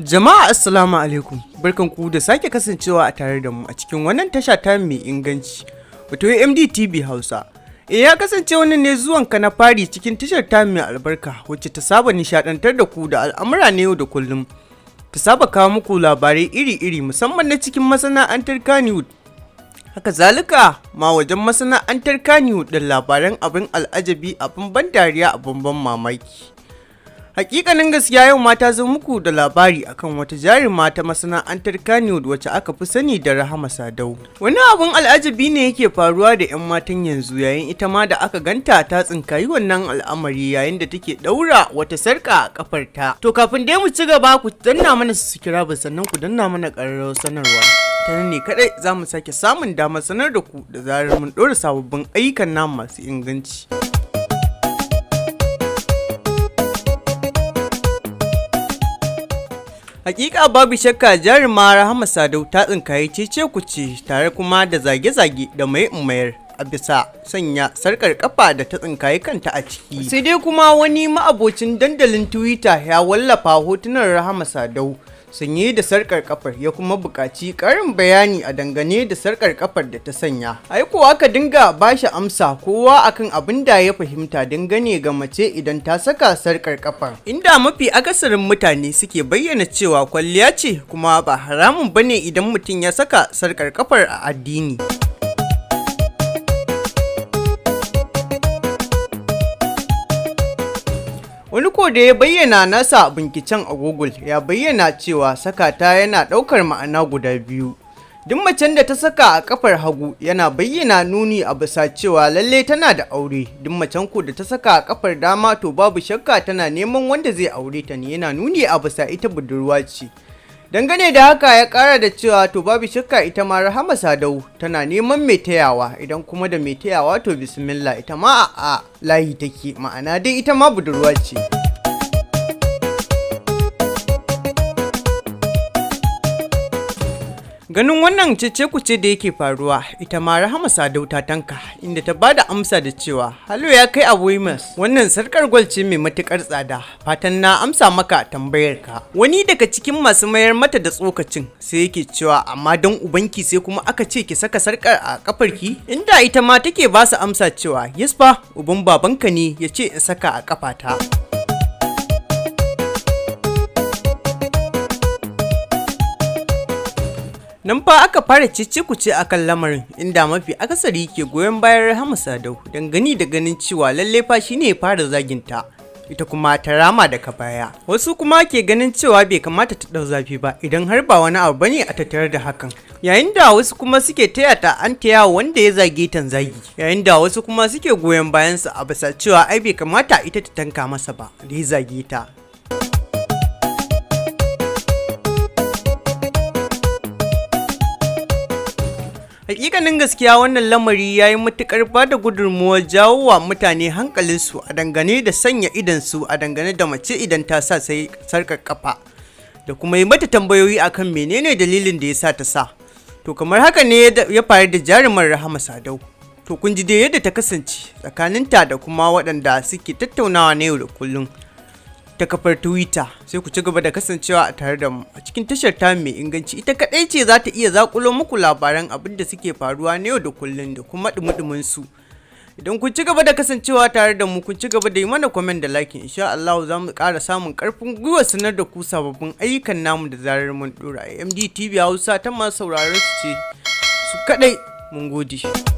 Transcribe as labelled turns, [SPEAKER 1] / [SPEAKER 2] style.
[SPEAKER 1] Jama'a Assalamu alaikum, barkan ku da sake kasancewa a tare da mu a cikin wannan tasha ta mai inganci, wato MD TV Hausa. E ya kasance wannan ne zuwan ka na fari cikin tashar ta mai albarka wacce ta saba nishadantar da ku da al'amura ne yau da kullum. Ta saba kawo muku labarai iri-iri musamman na cikin masana'antar Kannywood. Haka zalika ma wajen masana'antar Kannywood da labaran abin al'ajabi abin ban dariya abin ban mamaki. Hakikanin gaskiya yau mata zo muku da labari akan wata jarin mata masana'antar kaniwood wacce aka fi sani da Rahama Sadau. Wani abun al'ajabi ne yake faruwa da 'yan matan yanzu yayin ita ma da aka ganta ta tsinkayi wannan al'amari yayin da take daura wata sarka a ta. To kafin dai mu ci gaba ku danna mana su kira sannan ku danna mana ƙararrawar sanarwa. Ta ne kadai za mu sake samun damar sanar da ku da zarar mun ɗora sababbin ayyukan namu masu inganci. Hakika babu shakka ma Rahama Sadau ta tsinkaye cece ce, tare kuma da zage-zage da mai umayar a bisa sanya sarkar kafa da ta tsinkaye kanta a ciki. Sai dai kuma wani ma'abocin dandalin Twitter ya wallafa hotunan Rahama Sadau Sun yi da sarkar kafar ya kuma buƙaci ƙarin bayani a dangane da sarkar kafar da ta sanya ai kuwa aka dinga bashi amsa kowa akan abin da ya fahimta dangane ga mace idan ta saka sarkar kafar inda mafi akasarin mutane suke bayyana cewa kwalliya ce kuma ba haramun bane idan mutum ya saka sarkar kafar a addini da ya bayyana nasa a binkicen a Google ya bayyana cewa saka ta yana ɗaukar ma'ana guda biyu. Duk macen da ta saka a kafar hagu yana bayyana nuni a bisa cewa lalle tana da aure, duk macen ko da ta saka a kafar dama to babu shakka tana neman wanda zai aure ta ne yana nuni a bisa ita budurwa ce. Dangane da haka ya kara da cewa to babu shakka ita ma Rahama Sadau tana neman mai tayawa idan kuma da mai tayawa to bismillah ita ma a layi take ma'ana dai ita ma budurwa ce. Ganin wannan cece kuce da yake faruwa ita ma Rahama Sadau ta tanka inda ta bada amsa da cewa Halo ya kai a Wimas wannan sarkar gwal ce mai matukar tsada fatan na amsa maka tambayar ka. Wani daga cikin masu mayar mata da tsokacin sai yake cewa amma don ubanki sai kuma aka ce ki saka sarkar a kafarki inda ita ma take basu amsa cewa yes fa uban babanka ne ya ce in saka a kafata. Nan fa aka fara ku a kan lamarin inda mafi akasari ke goyon bayan Rahama Sadau dangane da ganin cewa lalle fa shine ne fara ta, ita kuma ta rama daga baya. Wasu kuma ke ganin cewa bai kamata ta ɗau zafi ba idan har ba wani abu bane a tattare da hakan. Yayin da wasu kuma suke taya ta an taya wanda ya zage tan zagi. Yayin da wasu kuma suke goyon bayansa a bisa cewa ai bai kamata ita ta tanka masa ba da ya zage ta. hakikanin gaskiya wannan lamari ya yi matukar ba da gudunmuwa jawo wa mutane hankalinsu a dangane da sanya idansu a dangane da mace idan ta sa sai sarkar kafa da kuma yi mata tambayoyi akan menene dalilin da ya sa ta sa to kamar haka ne ya faru da jarumar rahama sadau to kun ji dai yadda ta kasance tsakaninta da kuma waɗanda suke tattaunawa na yau da kullum ta kafar Twitter. Sai ku ci gaba da kasancewa a tare da mu a cikin tashar ta mai inganci ita kaɗai ce za ta iya zakulo muku labaran abin da suke faruwa na yau da kullun da kuma dumudumin su. Idan ku ci gaba da kasancewa tare da mu ku ci gaba da yi mana comment da like insha Allah za mu ƙara samun ƙarfin gwiwa sanar da ku sababbin ayyukan namu da zarar mun dora. AMD Hausa ta masu sauraron su ce su kaɗai mun gode.